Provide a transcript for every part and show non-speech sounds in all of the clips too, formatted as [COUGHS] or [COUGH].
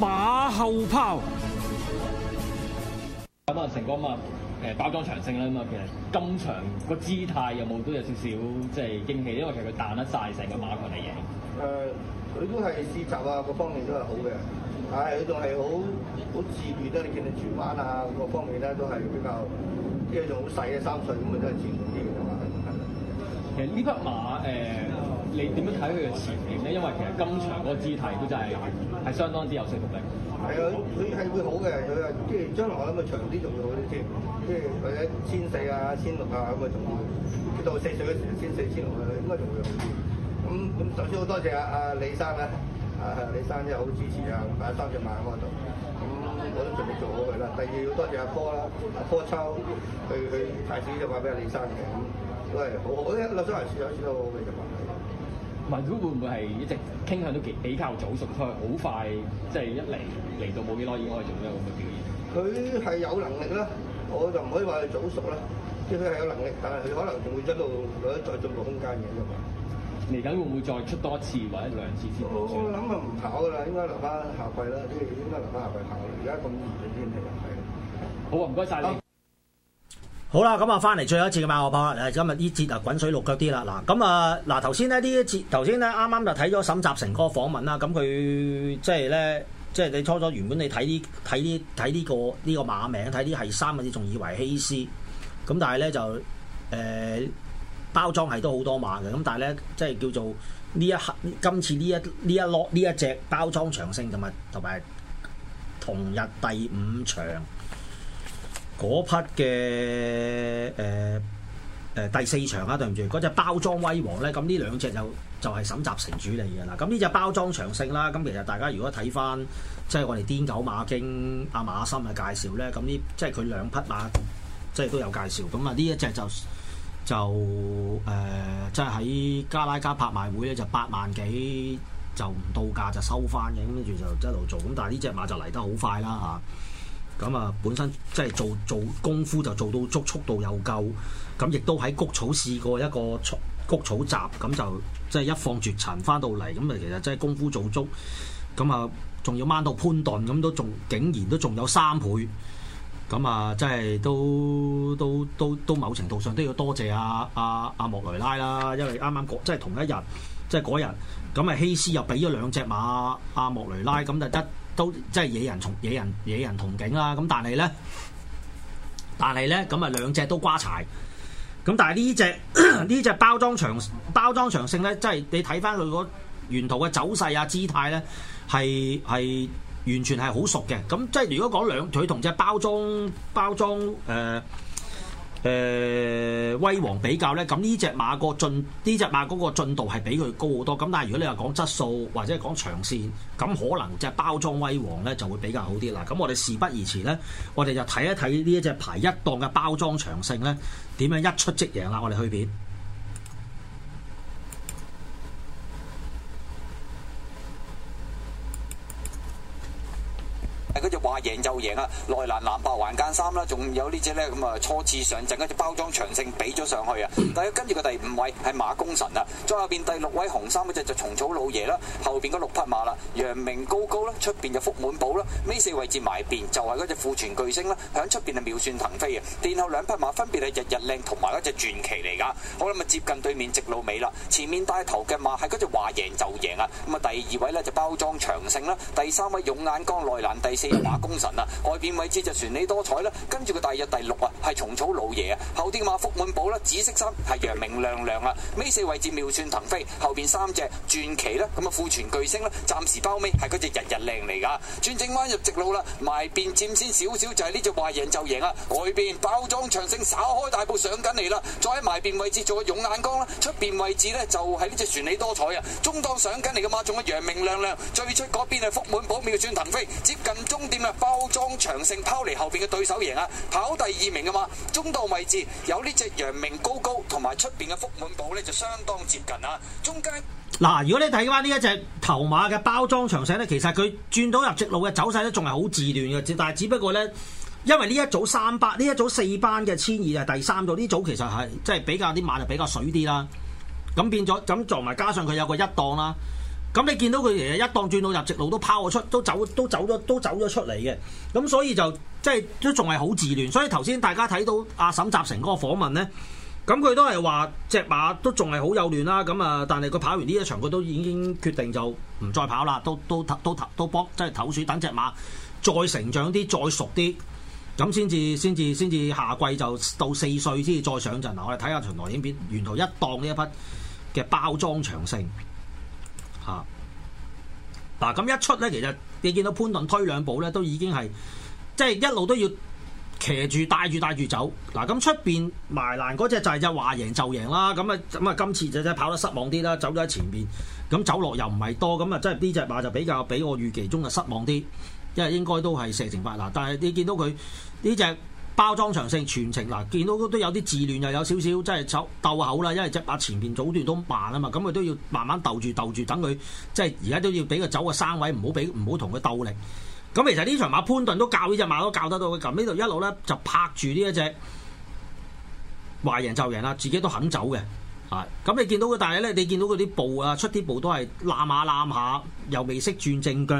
馬後炮咁啊，成個啊嘛，誒，包裝長勝咧啊，其實今場個姿態有冇都有少少即係驚喜，因為其實佢彈得晒成個馬群嚟嘅。誒、呃，佢都係試閘啊，各方面都係好嘅，但係佢仲係好好自然得你見到轉彎啊，各方面咧都係比較即係仲好細嘅三歲咁啊，嗯、都係自然啲嘅馬。其實呢匹馬誒。你點樣睇佢嘅前景咧？因為其實今場個姿態，都就係係相當之有說服力。係啊，佢係會好嘅。佢啊，即係將來我諗佢長啲，仲會，會好啲先，即係或者千四啊、千六啊，咁啊仲會到四歲嗰時就千四、千六嘅，應該仲會好啲。咁咁首先好多謝啊，阿李生啊，李生真係好支持啊，買咗三隻馬喺我度。咁我都準備做好佢啦。第二要多謝阿科啦，阿、啊、科秋佢，佢，太子就話俾阿李生嘅。咁，都係好好咧。兩雙鞋試咗，試都好嘅就話。唔係，佢會唔會係一直傾向都比較早熟，所以好快，即係一嚟嚟到冇幾耐已經可以做咗咁嘅表現？佢係有能力啦，我就唔可以話佢早熟啦。即係佢係有能力，但係佢可能仲會一路有再進步空間嘅啫嘛。嚟緊會唔會再出多次或者兩次先？我諗佢唔跑噶啦，應該留翻夏季啦，即係應該留翻夏季跑。而家咁熱嘅天氣又係。好啊，唔該曬你。好啦，咁啊，翻嚟最後一次嘅馬後砲，今日呢節啊，滾水淥腳啲啦，嗱，咁啊，嗱，頭先咧啲節，頭先咧啱啱就睇咗沈集成嗰個訪問啦，咁佢即係咧，即係你初初原本你睇啲睇啲睇呢個呢、呢個馬名，睇啲係三個字，仲以為希斯。咁但係咧就誒、呃、包裝係都好多馬嘅，咁但係咧即係叫做呢一刻今次呢一呢一粒呢一隻包裝長勝同埋同埋同日第五場。嗰匹嘅誒誒第四場啊，對唔住，嗰隻包裝威王咧，咁呢兩隻就就係沈集成主理嘅啦。咁呢隻包裝長勝啦，咁其實大家如果睇翻即係我哋癲狗馬經阿馬心嘅介紹咧，咁呢即係佢兩匹馬即係都有介紹。咁啊呢一隻就就誒、呃、即係喺加拉加拍賣會咧，就八萬幾就唔到價就收翻嘅，咁跟住就一路做。咁但係呢隻馬就嚟得好快啦嚇。啊咁啊，本身即係做做功夫就做到足速度又夠，咁亦都喺谷草試過一個谷草閘，咁就即係一放絕塵翻到嚟，咁啊其實即係功夫做足，咁啊仲要掹到潘頓，咁都仲竟然都仲有三倍，咁啊即係都都都都某程度上都要多謝阿阿阿莫雷拉啦，因為啱啱即係同一日，即係嗰日，咁啊希斯又俾咗兩隻馬阿、啊、莫雷拉，咁就一。都即係野人同野人、野人同景啦，咁但係咧，但係咧，咁啊兩隻都瓜柴，咁但係 [COUGHS] 呢隻呢隻包裝長包裝長性咧，即係你睇翻佢嗰沿途嘅走勢啊姿態咧，係係完全係好熟嘅，咁即係如果講兩佢同隻包裝包裝誒誒。呃呃威王比較咧，咁呢隻馬個進呢隻馬嗰個進度係比佢高好多。咁但係如果你話講質素或者係講長線，咁可能就係包裝威王呢就會比較好啲啦。咁我哋事不宜遲呢，我哋就睇一睇呢一隻牌一檔嘅包裝長勝呢點樣一出即贏啦。我哋去片。贏啦！內欄藍白環間衫啦，仲有呢隻咧咁啊，初次上陣嗰隻包裝長勝俾咗上去啊！但係跟住個第五位係馬公神啊，再後邊第六位紅衫嗰隻就蟲草老爺啦，後邊嗰六匹馬啦，陽明高高啦，出邊就福滿寶啦，呢四位置埋邊就係嗰隻富全巨星啦，響出邊啊妙算騰飛啊！殿後兩匹馬分別係日日靚同埋嗰隻傳奇嚟噶，好啦咪接近對面直路尾啦，前面帶頭嘅馬係嗰隻話贏就贏啊！咁啊，第二位咧就包裝長勝啦，第三位勇眼光內欄，第四馬公神啊！外邊位置就船里多彩啦，跟住個第日第六啊係蟲草老爺啊，後啲嘅馬福滿寶啦，紫色衫係陽明亮亮啊，尾四位置妙算騰飛，後邊三隻傳奇啦，咁啊庫存巨星啦，暫時包尾係嗰隻日日靚嚟噶，轉正彎入直路啦，埋邊佔先少少就係呢隻話贏就贏啊，外邊包裝長勝稍開大步上緊嚟啦，再喺埋邊位置做個勇眼光啦，出邊位置呢，就係呢隻船里多彩啊，中檔上緊嚟嘅馬，仲係陽明亮亮，最出嗰邊係福滿寶妙算騰飛，接近終點啦，包裝。當長勝拋離後邊嘅對手贏啊，跑第二名啊嘛，中檔位置有呢隻陽明高高同埋出邊嘅福滿寶呢，就相當接近啊。中間嗱，如果你睇翻呢一隻頭馬嘅包裝長勝呢，其實佢轉到入直路嘅走勢都仲係好自亂嘅，但係只不過呢，因為呢一組三班呢一組四班嘅千二係第三組，呢組其實係即係比較啲馬就比較水啲啦，咁變咗咁撞埋加上佢有一個一檔啦。咁你見到佢誒一檔轉到入直路都拋咗出，都走都走咗都走咗出嚟嘅。咁所以就即係都仲係好自亂，所以頭先大家睇到阿、啊、沈集成嗰個訪問呢，咁佢都係話隻馬都仲係好幼嫩啦，咁啊，但係佢跑完呢一場，佢都已經決定就唔再跑啦，都都都都，都幫即係投鼠等隻馬再成長啲，再熟啲，咁先至先至先至下季就到四歲先至再上陣。嗱，我哋睇下從來點變，沿途一檔呢一匹嘅包裝長勝。吓嗱，咁、啊、一出咧，其實你見到潘頓推兩步咧，都已經係即係一路都要騎住帶住帶住走。嗱、啊，咁出面埋欄嗰隻就係啫，話贏就贏啦。咁啊，咁啊，今次就真係跑得失望啲啦，走咗喺前面。咁走落又唔係多，咁啊，即係呢隻馬就比較比我預期中嘅失望啲，因為應該都係射程發難、啊。但係你見到佢呢隻。包裝長勝全程嗱，見到都有啲自亂，又有少少即係走鬥口啦，因為即係把前面早段都慢啊嘛，咁佢都要慢慢鬥住鬥住，等佢即係而家都要俾佢走個三位，唔好俾，唔好同佢鬥力。咁其實呢場馬潘頓都教呢隻馬都教得到佢咁，呢度一路咧就拍住呢一隻，話贏就贏啦，自己都肯走嘅，啊，咁你見到佢，但係咧你見到佢啲步啊出啲步都係攬下攬下，又未識轉正腳，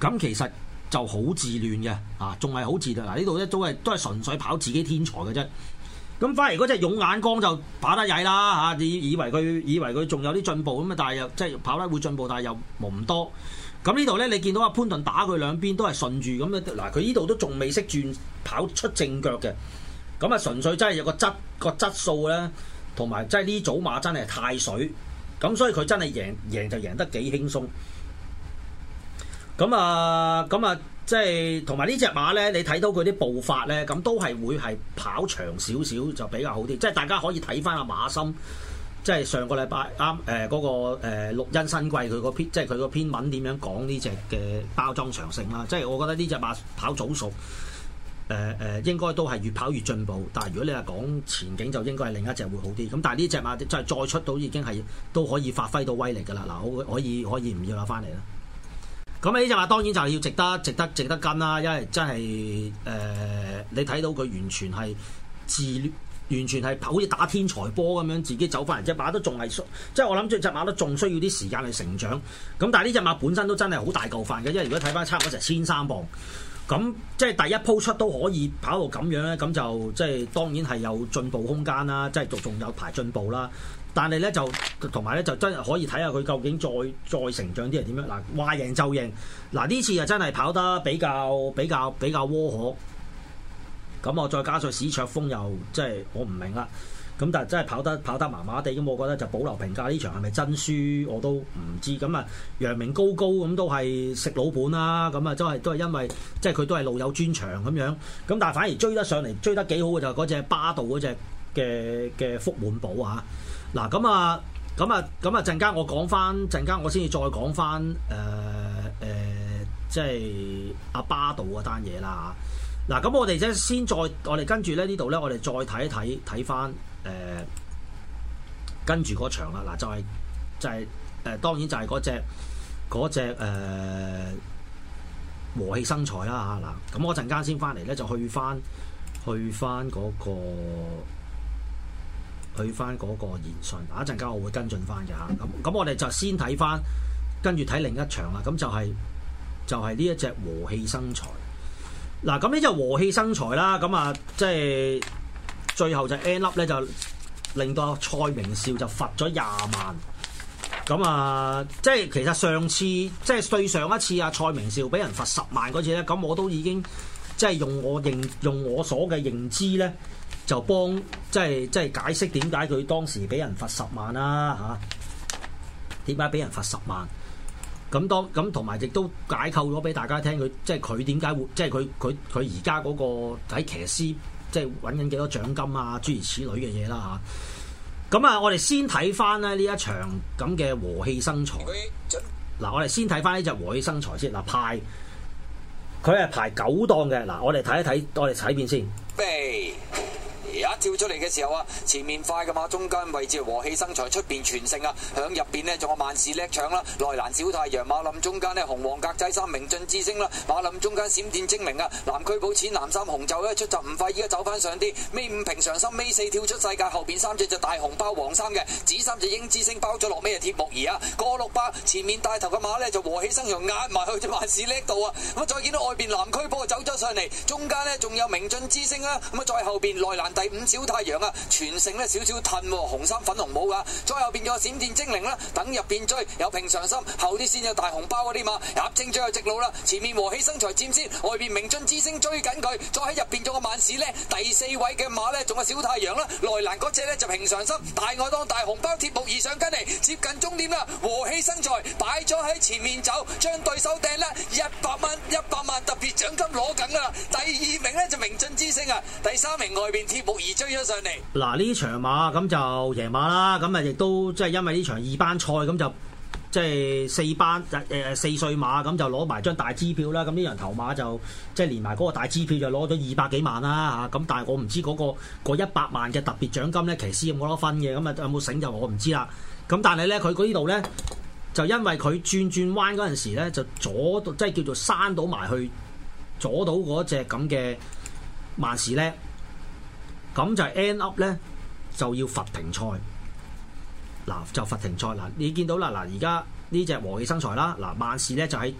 咁其實，就好自戀嘅，啊，仲係好自戀，嗱呢度咧都係都係純粹跑自己天才嘅啫。咁反而嗰隻用眼光就跑得曳啦，嚇、啊！你以為佢以為佢仲有啲進步咁啊？但係又即係跑得會進步，但係又冇唔多。咁呢度咧，你見到阿潘頓打佢兩邊都係順住咁咧，嗱佢呢度都仲未識轉跑出正腳嘅。咁啊，純粹真係有個質個質素咧，同埋即係呢組馬真係太水，咁所以佢真係贏贏就贏得幾輕鬆。咁啊，咁啊、嗯嗯嗯，即係同埋呢隻馬咧，你睇到佢啲步伐咧，咁都係會係跑長少少就比較好啲。即係大家可以睇翻阿馬森，即係上個禮拜啱誒嗰個誒錄音新季佢個篇，即係佢個篇文點樣講呢隻嘅包裝長性啦。即係我覺得呢隻馬跑早熟，誒、呃、誒應該都係越跑越進步。但係如果你係講前景，就應該係另一隻會好啲。咁但係呢隻馬即係再出到已經係都可以發揮到威力㗎啦。嗱，可以可以唔要啦，翻嚟啦。咁呢隻馬當然就係要值得、值得、值得跟啦，因為真係誒、呃，你睇到佢完全係自，完全係好似打天才波咁樣，自己走翻嚟。隻馬都仲係需，即係我諗住隻馬都仲需要啲時間去成長。咁但係呢隻馬本身都真係好大嚿飯嘅，因為如果睇翻差唔多成千三磅。咁即係第一鋪出都可以跑到咁樣咧，咁就即係當然係有進步空間啦，即係仲仲有排進步啦。但係咧就同埋咧就真係可以睇下佢究竟再再成長啲係點樣。嗱，話贏就贏。嗱，呢次又真係跑得比較比較比較窩可。咁我再加上史卓風又即係我唔明啦。咁但係真係跑得跑得麻麻地，咁我覺得就保留評價。呢場係咪真輸我都唔知。咁啊，楊明高高咁都係食老本啦。咁啊，真係、即係、都係因為即係佢都係老友專長咁樣。咁但係反而追得上嚟，追得幾好嘅就係嗰隻巴度嗰隻嘅嘅福滿寶嚇。嗱，咁啊，咁啊，咁啊，陣間我講返，陣間我先至再講返誒誒，即、呃、係、呃即係、阿巴度嗰單嘢啦嚇。嗱，咁、啊、我哋即係先再，我哋跟住咧呢度咧，我哋再睇一睇，睇翻誒跟住嗰場啦。嗱、啊，就係、是、就係、是、誒、呃，當然就係嗰隻嗰隻誒和氣生財啦、啊、嚇。嗱、啊，咁我陣間先翻嚟咧，就去翻去翻嗰、那個去翻嗰個言順。啊，一陣間我會跟進翻嘅嚇。咁、啊、咁，我哋就先睇翻跟住睇另一場啦。咁就係、是、就係、是、呢一隻和氣生財。嗱，咁呢就和氣生財啦，咁啊，即係最後就 A 粒咧，就令到蔡明少就罰咗廿萬，咁啊，即係其實上次即係對上一次啊，蔡明少俾人罰十萬嗰次咧，咁我都已經即係用我認用我所嘅認知咧，就幫即係即係解釋點解佢當時俾人罰十萬啦嚇，點解俾人罰十萬？咁當咁同埋亦都解構咗俾大家聽，佢即係佢點解會，即係佢佢佢而家嗰個喺騎師，即係揾緊幾多獎金啊，諸如此類嘅嘢啦吓，咁啊，我哋先睇翻咧呢一場咁嘅和氣生財。嗱、啊，我哋先睇翻呢隻和氣生財先。嗱、啊，派，佢係排九檔嘅。嗱、啊，我哋睇一睇，我哋睇片先。一跳出嚟嘅時候啊，前面快嘅馬，中間位置和氣生財，出邊全勝啊，響入邊咧仲有萬事叻搶啦，內欄小太陽馬林中間咧紅黃格仔三名駿之星啦，馬林中間閃電精明啊，藍區寶淺藍三紅就咧出閘唔快，依家走翻上啲，尾五平常心，尾四跳出世界，後邊三隻就大紅包黃三嘅，紫三隻英之星包咗落尾啊鐵木兒啊，過六八前面帶頭嘅馬咧就和氣生財壓埋去啲萬事叻度啊，咁啊再見到外邊藍區寶走咗上嚟，中間咧仲有名駿之星啦，咁啊再後邊內欄第五小太陽啊，全城呢少少褪、啊，紅衫粉紅帽噶、啊。再後邊個閃電精靈啦、啊，等入邊追，有平常心。後啲先有大紅包嗰啲嘛。入正最後直路啦，前面和氣生財佔先，外面明俊之星追緊佢。再喺入邊仲個萬士呢，第四位嘅馬呢，仲有小太陽啦、啊。內欄嗰隻呢，就平常心，大外當大紅包，鐵木已上跟嚟，接近終點啦。和氣生財擺咗喺前面走，將對手掟呢，一百萬，一百萬特別獎金攞緊啦。第二名呢，就明俊之星啊，第三名外面鐵木。追咗上嚟嗱，呢場馬咁就贏馬啦，咁啊亦都即係因為呢場二班賽咁就即係四班誒、呃、四歲馬咁就攞埋張大支票啦，咁呢人頭馬就即係、就是、連埋嗰個大支票就攞咗二百幾萬啦嚇，咁但係我唔知嗰、那個一百萬嘅特別獎金咧，其實有冇攞分嘅，咁啊有冇醒就我唔知啦。咁但係咧，佢嗰呢度咧就因為佢轉轉彎嗰陣時咧，就阻即係叫做閂到埋去，阻到嗰隻咁嘅萬事咧。咁就係 end up 咧，就要罰停賽。嗱，就罰停賽。嗱，你見到啦，嗱，而家呢隻和氣生財啦，嗱，萬事咧就喺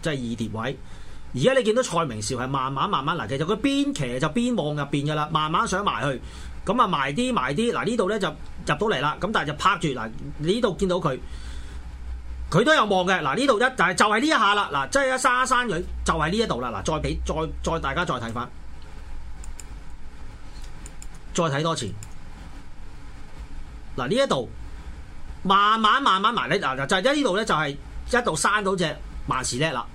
即係二碟位。而家你見到蔡明紹係慢慢慢慢，嗱，其實佢邊騎就邊望入面噶啦，慢慢上埋去。咁啊，埋啲埋啲。嗱，呢度咧就入到嚟啦。咁但係就拍住嗱，呢度見到佢，佢都有望嘅。嗱，呢度一，但係就係、是、呢一下啦。嗱，即係一沙山裏就係呢一度啦。嗱，再俾再再大家再睇翻。再睇多次，嗱呢一度慢慢慢慢埋咧，嗱就喺呢度咧，就係、是、一度刪到隻萬事叻啦。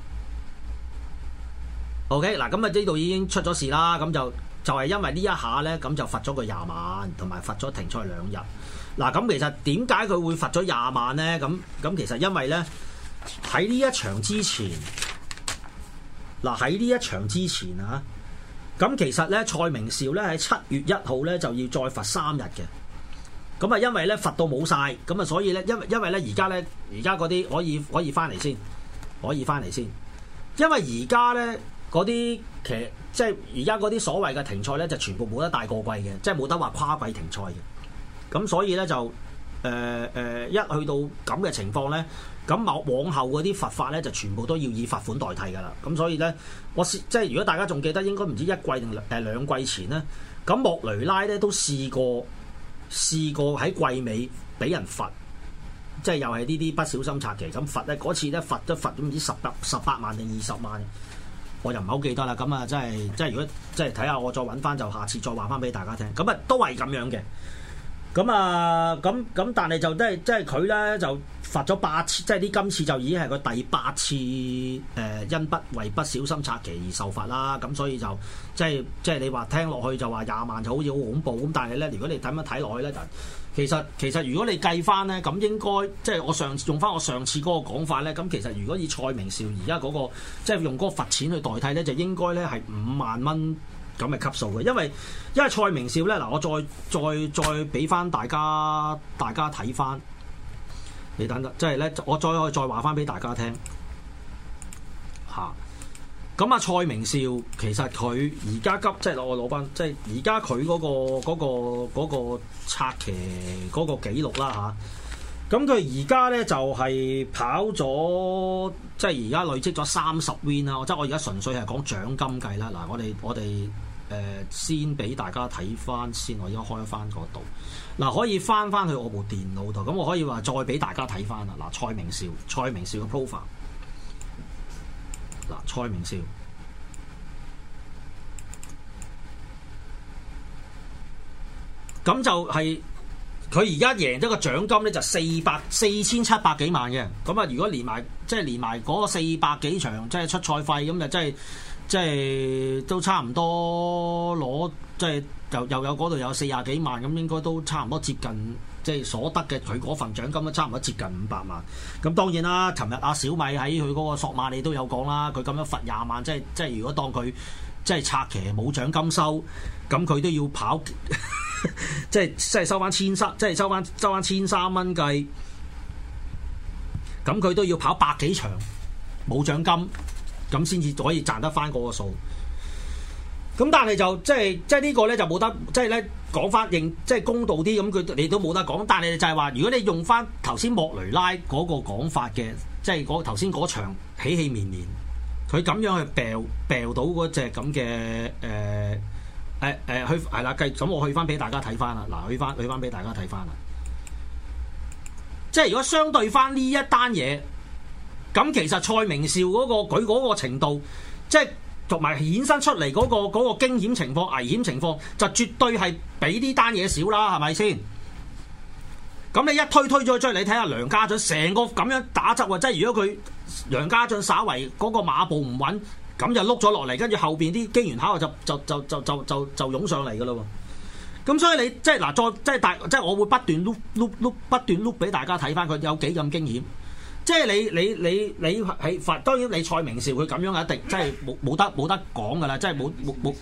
OK，嗱咁啊呢度已經出咗事啦，咁就就是、係因為呢一下咧，咁就罰咗佢廿萬，同埋罰咗停賽兩日。嗱咁其實點解佢會罰咗廿萬咧？咁咁其實因為咧喺呢一場之前，嗱喺呢一場之前啊。咁其實咧，蔡明兆咧喺七月一號咧就要再罰三日嘅。咁啊，因為咧罰到冇晒，咁啊，所以咧，因因為咧而家咧而家嗰啲可以可以翻嚟先，可以翻嚟先。因為而家咧嗰啲其即係而家嗰啲所謂嘅停賽咧，就全部冇得帶過季嘅，即係冇得話跨季停賽嘅。咁所以咧就誒誒、呃呃，一去到咁嘅情況咧。咁往後嗰啲罰法咧，就全部都要以罰款代替㗎啦。咁所以咧，我試即係如果大家仲記得，應該唔知一季定誒兩,兩季前咧，咁莫雷拉咧都試過試過喺季尾俾人罰，即係又係呢啲不小心拆棋咁罰咧。嗰次咧罰都罰咗唔知十八十八萬定二十萬，我又唔係好記得啦。咁啊、就係，真係即係如果即係睇下我再揾翻，就下次再話翻俾大家聽。咁啊，都係咁樣嘅。咁啊，咁咁、嗯嗯，但係就都係，即係佢咧就罰咗八次，即係啲今次就已經係佢第八次誒、呃，因不為不小心拆棋而受罰啦。咁、嗯、所以就即係即係你話聽落去就話廿萬就好似好恐怖咁，但係咧，如果你睇乜睇落去咧，就其實其實如果你計翻咧，咁應該即係我上次用翻我上次嗰個講法咧，咁其實如果以蔡明兆而家嗰個即係用嗰個罰錢去代替咧，就應該咧係五萬蚊。咁咪級數嘅，因為因為蔡明少咧嗱，我再再再俾翻大家大家睇翻，你等得即係咧，我再可以再話翻俾大家聽吓。咁啊，啊，蔡明少其實佢而家急，即係我攞翻，即係而家佢嗰個嗰、那個嗰、那個策、那個、騎嗰、那個記錄啦吓，咁佢而家咧就係、是、跑咗，即係而家累積咗三十 win 啦，即係我而家純粹係講獎金計啦。嗱、啊，我哋我哋。誒，先俾大家睇翻先，我而家開翻嗰度，嗱、啊、可以翻翻去我部電腦度，咁我可以話再俾大家睇翻啦。嗱、啊，蔡明少，蔡明少嘅 profile，嗱、啊，蔡明少咁就係佢而家贏咗個獎金咧，就四百四千七百幾萬嘅，咁啊，如果連埋即係連埋嗰四百幾場即係出賽費，咁就真係。即係都差唔多攞，即係又又有嗰度有四十幾萬，咁應該都差唔多接近，即係所得嘅佢嗰份獎金都差唔多接近五百萬。咁當然啦，尋日阿小米喺佢嗰個索馬里都有講啦，佢咁樣罰廿萬，即係即係如果當佢即係拆騎冇獎金收，咁佢都要跑， [LAUGHS] 即係即係收翻千三，即係收翻收翻千三蚊計，咁佢都要跑百幾場冇獎金。咁先至可以賺得翻嗰個數，咁但係就即係即係呢個咧就冇得即係咧講翻，認即係公道啲咁，佢你都冇得講。但係就係話，如果你用翻頭先莫雷拉嗰個講法嘅，即係嗰頭先嗰場喜氣綿綿，佢咁樣去掉掉到嗰隻咁嘅誒誒誒，佢係啦，計、呃、咁我去翻俾大家睇翻啦，嗱去翻去翻俾大家睇翻啦，即係如果相對翻呢一單嘢。咁其實蔡明照嗰個佢嗰個程度，即係同埋衍生出嚟嗰個嗰個驚險情況、危險情況，就絕對係比是是呢單嘢少啦，係咪先？咁你一推推咗出嚟，你睇下梁家俊成個咁樣打側，即係如果佢梁家俊稍為嗰個馬步唔穩，咁就碌咗落嚟，跟住後邊啲機緣巧合就就就就就就就湧上嚟㗎啦喎！咁所以你即係嗱，再即係大即係我會不斷碌碌碌不斷碌俾大家睇翻佢有幾咁驚險。即係你你你你喺罰，當然你蔡明紹佢咁樣一定即係冇冇得冇得講㗎啦，即係冇冇冇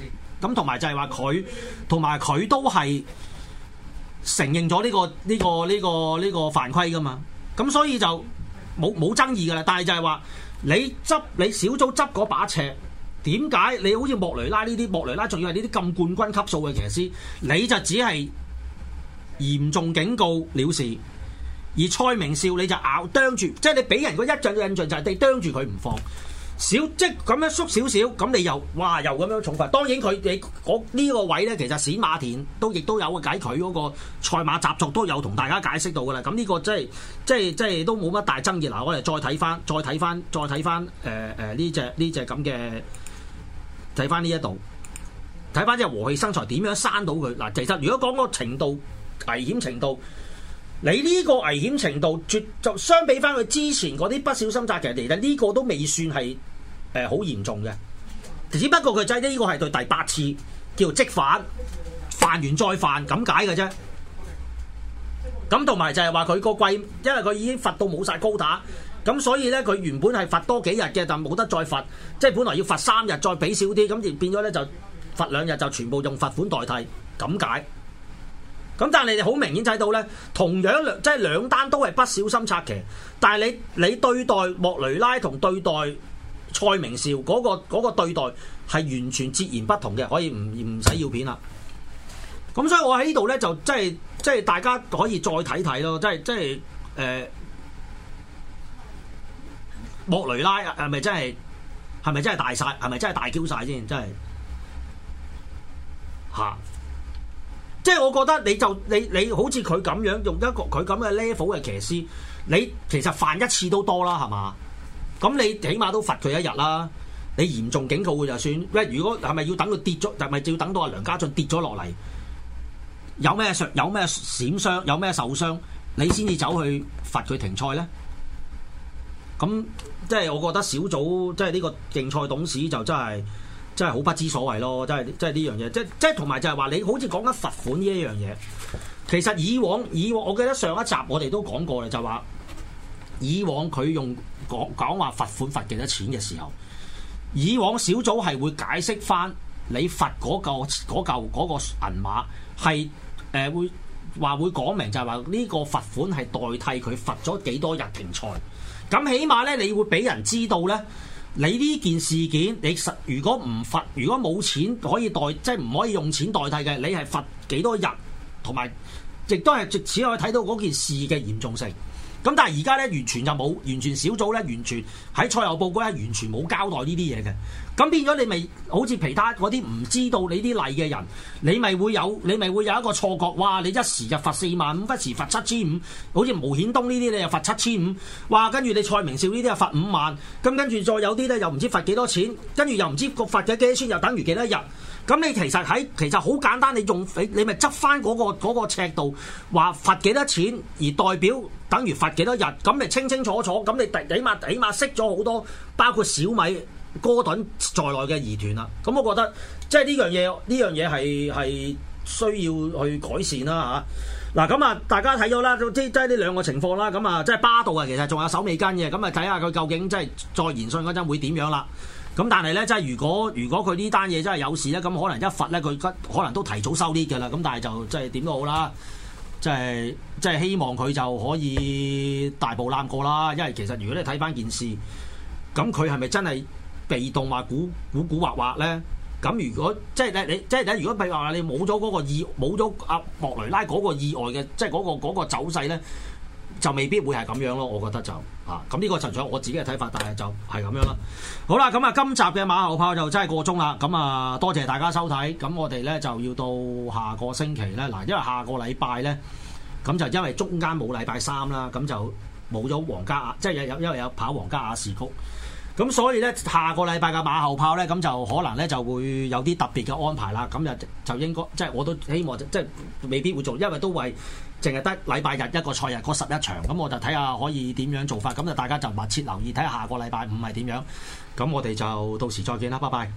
咁同埋就係話佢同埋佢都係承認咗呢個呢個呢個呢個犯規㗎嘛，咁所以就冇冇爭議㗎啦。但係就係話你執你小組執嗰把尺，點解你好似莫雷拉呢啲莫雷拉仲要係呢啲咁冠軍級數嘅騎師，你就只係嚴重警告了事。而蔡明紹你就咬啄住，即係你俾人個一進印象就係你啄住佢唔放，少即咁樣縮少少，咁你又哇又咁樣重罰。當然佢你呢個位咧，其實司馬田都亦都有解佢嗰個賽馬習俗都有同大家解釋到噶啦。咁呢個即係即係即係都冇乜大爭議。嗱，我哋再睇翻，再睇翻，再睇翻，誒誒呢隻呢隻咁嘅睇翻呢一度，睇翻即係和氣生財點樣閂到佢嗱。其實如果講個程度，危險程度。你呢個危險程度，絕就相比翻佢之前嗰啲，不小心策騎嚟，其實呢個都未算係誒好嚴重嘅。只不過佢即係呢個係第第八次叫積犯，犯完再犯咁解嘅啫。咁同埋就係話佢個貴，因為佢已經罰到冇晒高打，咁所以咧佢原本係罰多幾日嘅，但冇得再罰。即係本來要罰三日，再俾少啲，咁而變咗咧就罰兩日，就全部用罰款代替，咁解。咁但係你哋好明顯睇到咧，同樣兩即係兩單都係不小心拆棋，但係你你對待莫雷拉同對待蔡明照嗰、嗰個嗰、嗰個、對待係完全截然不同嘅，可以唔唔使要片啦。咁所以我喺呢度咧就即係即係大家可以再睇睇咯，即係即係誒、呃、莫雷拉係咪真係係咪真係大晒？係咪真係大嬌晒先？真係嚇！啊即係我覺得你就你你好似佢咁樣用一個佢咁嘅 level 嘅騎師，你其實犯一次都多啦，係嘛？咁你起碼都罰佢一日啦，你嚴重警告佢就算。喂，如果係咪要等佢跌咗，係咪要等到阿梁家俊跌咗落嚟，有咩傷、有咩閃傷、有咩受傷，你先至走去罰佢停賽咧？咁即係我覺得小組即係呢個競賽董事就真係。真係好不知所謂咯！真係真係呢樣嘢，即即同埋就係話，你好似講緊罰款呢一樣嘢。其實以往以往，我記得上一集我哋都講過啦，就話、是、以往佢用講講話罰款罰幾多錢嘅時候，以往小組係會解釋翻你罰嗰嚿嗰嚿嗰個銀碼係誒、呃、會話會講明，就係話呢個罰款係代替佢罰咗幾多日停賽。咁起碼呢，你會俾人知道呢。你呢件事件，你實如果唔罰，如果冇錢可以代，即係唔可以用錢代替嘅，你係罰幾多日，同埋亦都係藉此可以睇到嗰件事嘅嚴重性。咁但係而家咧，完全就冇，完全小組咧，完全喺《賽後報告》咧，完全冇交代呢啲嘢嘅。咁變咗你咪好似其他嗰啲唔知道你啲例嘅人，你咪會有，你咪會有一個錯覺，哇！你一時就罰四萬，唔一時罰七千五，好似毛顯東呢啲你又罰七千五，哇！跟住你蔡明少呢啲又罰五萬，咁跟住再有啲咧又唔知罰幾多錢，跟住又唔知罰咗幾多錢又等於幾多日。咁你其實喺其實好簡單，你用你咪執翻嗰個尺度，話罰幾多錢，而代表等於罰幾多日，咁咪清清楚楚，咁你起碼起碼識咗好多，包括小米、哥頓在內嘅疑團啦。咁我覺得即係呢樣嘢，呢樣嘢係係需要去改善啦嚇。嗱、啊、咁啊，大家睇咗啦，即即係呢兩個情況啦。咁啊，即係巴道啊，其實仲有手尾跟嘅。咁啊，睇下佢究竟即係再研訊嗰陣會點樣啦。咁但係咧，即係如果如果佢呢單嘢真係有事咧，咁可能一罰咧，佢可能都提早收啲嘅啦。咁但係就即係點都好啦，即係即係希望佢就可以大步攬過啦。因為其實如果你睇翻件事，咁佢係咪真係被動話古古古惑惑咧？咁如果即係你你即係你，如果譬如話你冇咗嗰個意冇咗阿莫雷拉嗰個意外嘅，即係嗰個嗰個走勢咧。就未必會係咁樣咯，我覺得就啊，咁、這、呢個就係我自己嘅睇法，但係就係咁樣啦。好啦，咁啊，今集嘅馬後砲就真係過鐘啦。咁啊，多謝大家收睇。咁我哋咧就要到下個星期咧，嗱，因為下個禮拜咧，咁就因為中間冇禮拜三啦，咁就冇咗皇家，即係有有，因為有跑皇家亞士谷。咁所以呢，下個禮拜嘅馬後炮呢，咁就可能呢就會有啲特別嘅安排啦。咁就就應該，即係我都希望，即係未必會做，因為都係淨係得禮拜日一個賽日嗰十一場，咁我就睇下可以點樣做法。咁就大家就密切留意，睇下下個禮拜五係點樣。咁我哋就到時再見啦，拜拜。